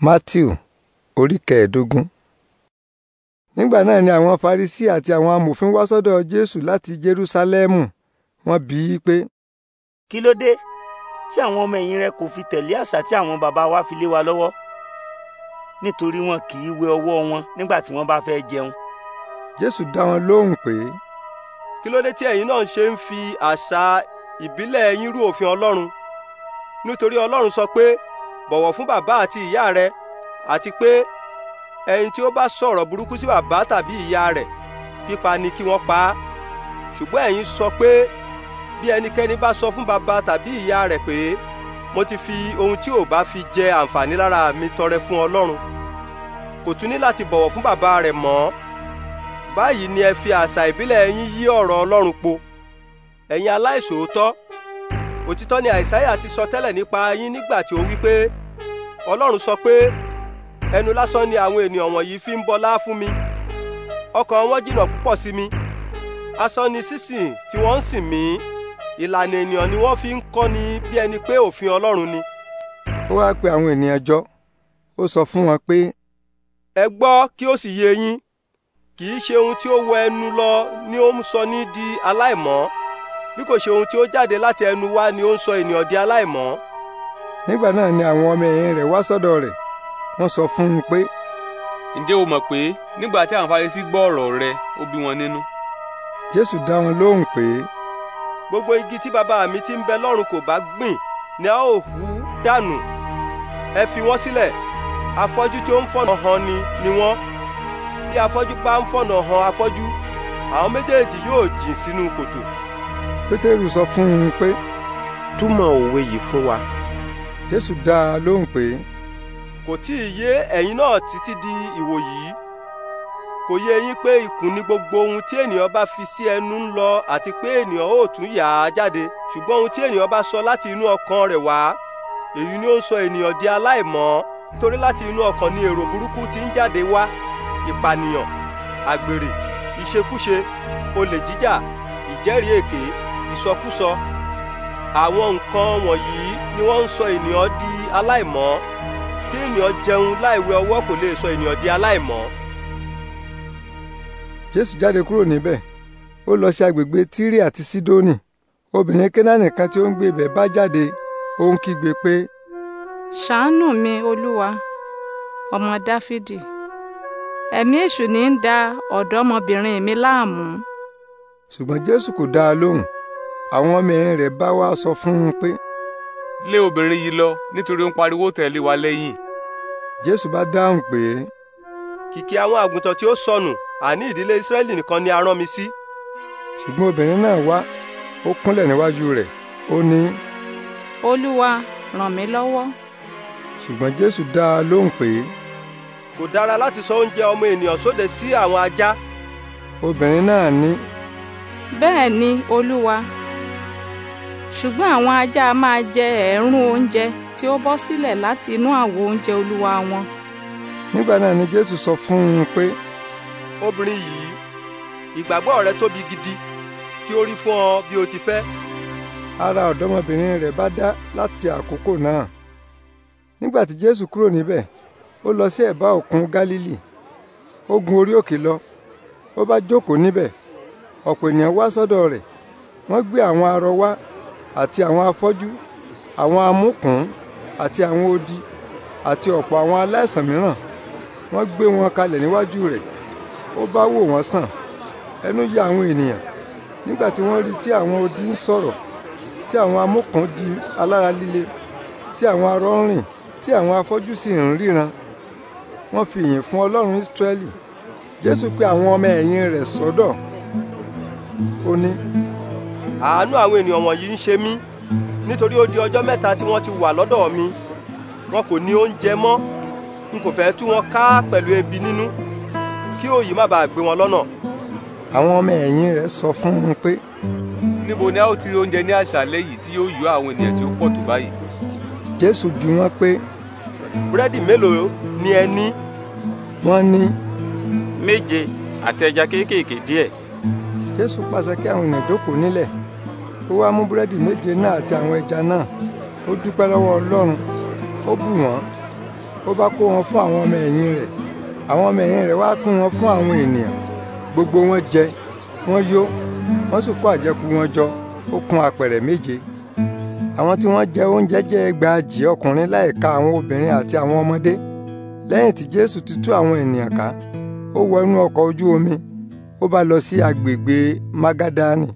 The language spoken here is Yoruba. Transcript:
Matthew orí kẹẹ̀ẹ́dógún. Nígbà náà ni àwọn Farisi àti àwọn amòfin wá sọ́dọ̀ Jésù láti Jerúsálẹ́mù. Wọ́n bi í pé. Kí ló dé tí àwọn ọmọ ẹ̀yìn rẹ kò fi tẹ̀lé àṣà tí àwọn bàbá wa fi lé wa lọ́wọ́? Nítorí wọn kì í wẹ ọwọ́ wọn nígbà tí wọ́n bá fẹ́ jẹun. Jésù dá wọn lóhùn pé. Kí ló dé tí ẹ̀yin náà ṣe ń fi àṣà ìbílẹ̀ yín rú òfin Ọlọ́run? Nítorí Ọlọ́run sọ pé bọ̀wọ̀ fún bàbá àti ìyá rẹ àti pé ẹni tí ó bá sọ̀rọ̀ burúkú sí bàbá tàbí ìyá rẹ̀ pípa ni kí wọ́n pa á ṣùgbọ́n ẹ̀yin sọ pé bí ẹnikẹ́ni bá sọ fún bàbá tàbí ìyá rẹ̀ pé mo ti fi ohun tí ò bá fi jẹ àǹfààní lára mi tọrẹ fún ọlọ́run kò tún ní láti bọ̀wọ̀ fún bàbá rẹ̀ mọ́ báyìí ni ẹ fi àṣà ìbílẹ̀ yín yí ọ̀rọ̀ ọlọ́run po ẹ̀yin aláìṣòótọ́ òtítọ́ ni àìsáyà ti sọ tẹ́lẹ̀ nípa yín nígbà tí ó wí pé ọlọ́run sọ pé ẹnu lásán ni àwọn ènìyàn wọ̀nyí fi ń bọlá fún mi ọkàn wọn jìnnà púpọ̀ sí mi asán ni sísìn tí wọ́n ń sìn mí ìlànà ènìyàn ni wọ́n fi ń kọ́ni bí ẹni pé òfin ọlọ́run ni. ó wáá pe àwọn ènìyàn jọ ó sọ fún wọn pé. ẹ gbọ́ kí ó sì yé yín kì í ṣe ohun tí ó wọ ẹnu lọ ni ó ń sọ ní di aláìmọ́ bí kò ṣe ohun tí ó jáde láti ẹnu wa ni ó ń sọ ènìyàn di aláìmọ́. nígbà náà ni àwọn ọmọ ẹ̀yìn rẹ̀ wá sọ́dọ̀ rẹ̀ wọ́n sọ fún un pé. ǹjẹ́ o mọ̀ pé nígbà tí àwọn Farisí gbọ́ ọ̀rọ̀ rẹ̀ ó bí wọn nínú. jésù dá wọn lóhùn pé. gbogbo igi tí bàbá mi ti ń bẹ lọ́run kò bá gbìn ni a ó hú dànù ẹ fi wọ́n sílẹ̀ afọ́jú tí ó ń fọ̀nà hàn ni ni wọ́n bí afọ́jú bá ń fọ̀nà hàn afọ́jú àwọn méjèèjì yóò jìn sínú kòtò pétérù sọ fún un pé. túmọ̀ òwe yìí fún wa. jésù dá a lóhùn pé. kò tí ì yé ẹ̀yin náà títí di ìwòyí kò yé yín pé ikùn ni gbogbo ohun tí ènìyàn bá fi sí ẹnu ń lọ àti pé ènìyàn ó tún yà á jáde ṣùgbọ́n ohun tí ènìyàn bá sọ láti inú ọkàn rẹ̀ wá èyí ni ó ń sọ ènìyàn di aláìmọ́ torí láti inú ọkàn ni èrò burúkú ti ń jáde wá ìpànìyàn àgbèrè ìṣekúṣe olè jíjà ìjẹ́rìí èké ìsọkúsọ àwọn nǹkan wọ̀nyí ni wọ́n ń sọ ènìyàn di aláìmọ́ kí ènìyàn jẹun láìwẹ̀ ọwọ́ kò lè sọ ènìyàn di aláìmọ́. jésù jáde kúrò níbẹ̀ ó lọ sí agbègbè tírì àti sídónì obìnrin kénáánì kan tí ó ń gbé ibẹ̀ bá jáde ó ń kígbe pé. ṣàánú mi olúwa ọmọ dáfídì ẹ̀mí èṣù ní í da ọ̀dọ́mọbìnrin mi láàmú. ṣùgbọ́n jésù kò dá a lóhùn àwọn ọmọ ẹ̀yìn rẹ̀ bá wá sọ fún un pé. lé obìnrin yìí lọ nítorí ó ń pariwo tẹ̀lé wa lẹ́yìn. jésù bá dáhùn pé. kìkì àwọn àgùntàn tí ó sọnù àní ìdílé israẹli nìkan ni a rán mi sí. ṣùgbọ́n obìnrin náà wá ó kúnlẹ̀ níwájú rẹ̀ ó ní. olúwa ràn mí lọ́wọ́. ṣùgbọ́n jésù dá a lóhùn pé. kò dára láti sọ oúnjẹ ọmọ ènìyàn sóde sí àwọn ajá. obìnrin náà ní. bẹ́ẹ̀ ni olúwa ṣùgbọ́n àwọn ajá máa jẹ ẹ̀ẹ̀rún oúnjẹ tí ó bọ́ sílẹ̀ láti inú àwo oúnjẹ olúwa wọn. nígbà náà ni jésù sọ fún un pé. obìnrin yìí ìgbàgbọ́ rẹ tóbi gidi kí ó rí fún ọ bí o ti fẹ́. ara ọ̀dọ́mọbìnrin rẹ̀ bá dá láti àkókò náà. nígbà tí jésù kúrò níbẹ̀ ó lọ sí ẹ̀bá òkun gálílì ó gun orí òkè lọ ó bá jókòó níbẹ̀ ọ̀pọ̀ ènìyàn wá sọ́dọ̀ rẹ̀ wọ́n gbé àwọn arọ wá àti àwọn afọ́jú àwọn amúkùn àti àwọn odi àti ọ̀pọ̀ àwọn aláìsàn mìíràn wọ́n gbé wọn kalẹ̀ níwájú rẹ̀ ó bá wò wọ́n sàn ẹnu yà àwọn ènìyàn nígbà tí wọ́n rí tí àwọn odi ń sọ̀rọ̀ tí àwọn amúkùn di alára líle tí àwọn arọ ń rìn tí àwọn afọ́jú sì ń ríran wọ́n fi ìyìn fún ọlọ́run Ísírẹ́lì Jésù pé àwọn ọmọ ẹ̀yìn rẹ̀ sọ́dọ̀ ó ní àánú àwọn ènìyàn wọ̀nyí ń ṣe mí nítorí ó di ọjọ́ mẹ́ta tí wọ́n ti wà lọ́dọ̀ mi wọn kò ní oúnjẹ mọ́ n kò fẹ́ tú wọn ká pẹ̀lú ebi nínú kí òyì má bàa gbé wọn lọ́nà. àwọn ọmọ ẹ̀yìn rẹ̀ sọ fún un pé. níbo ni a ó ti rí oúnjẹ ní àṣálẹ́ yìí tí yóò yó àwọn ènìyàn tí ó pọ̀ tó báyìí. jésù bi wọ́n pé. búrẹ́dì mélòó ni ẹ ní. wọ́n ní. méje àti ẹja kéékèèké díẹ̀. jésù pàṣẹ kí àwọn ènìyàn jókòó nílẹ̀ ó wá mú búrẹ́dì méje náà àti àwọn ẹja náà ó dúpẹ́ lọ́wọ́ ọlọ́run ó bù wọ́n ó bá kó wọn fún àwọn ọmọ ẹ̀yìn rẹ̀ àwọn ọmọ ẹ̀yìn rẹ̀ wá pín wọn fún àwọn ènìyàn gbogbo wọn jẹ wọn yó wọn sì kó àjẹkù wọn jọ ó kún apẹ̀rẹ̀ méje àwọn tí wọ́n jẹ oúnjẹ jẹ́ ẹgbàajì ọkùnrin láìka àwọn obìnrin àti àwọn ọmọdé lẹ́yìn tí jésù ti tú àwọn ènìyàn ká ó wọ inú ọkọ̀ ojú omi ó bá lọ sí agbègbè magadani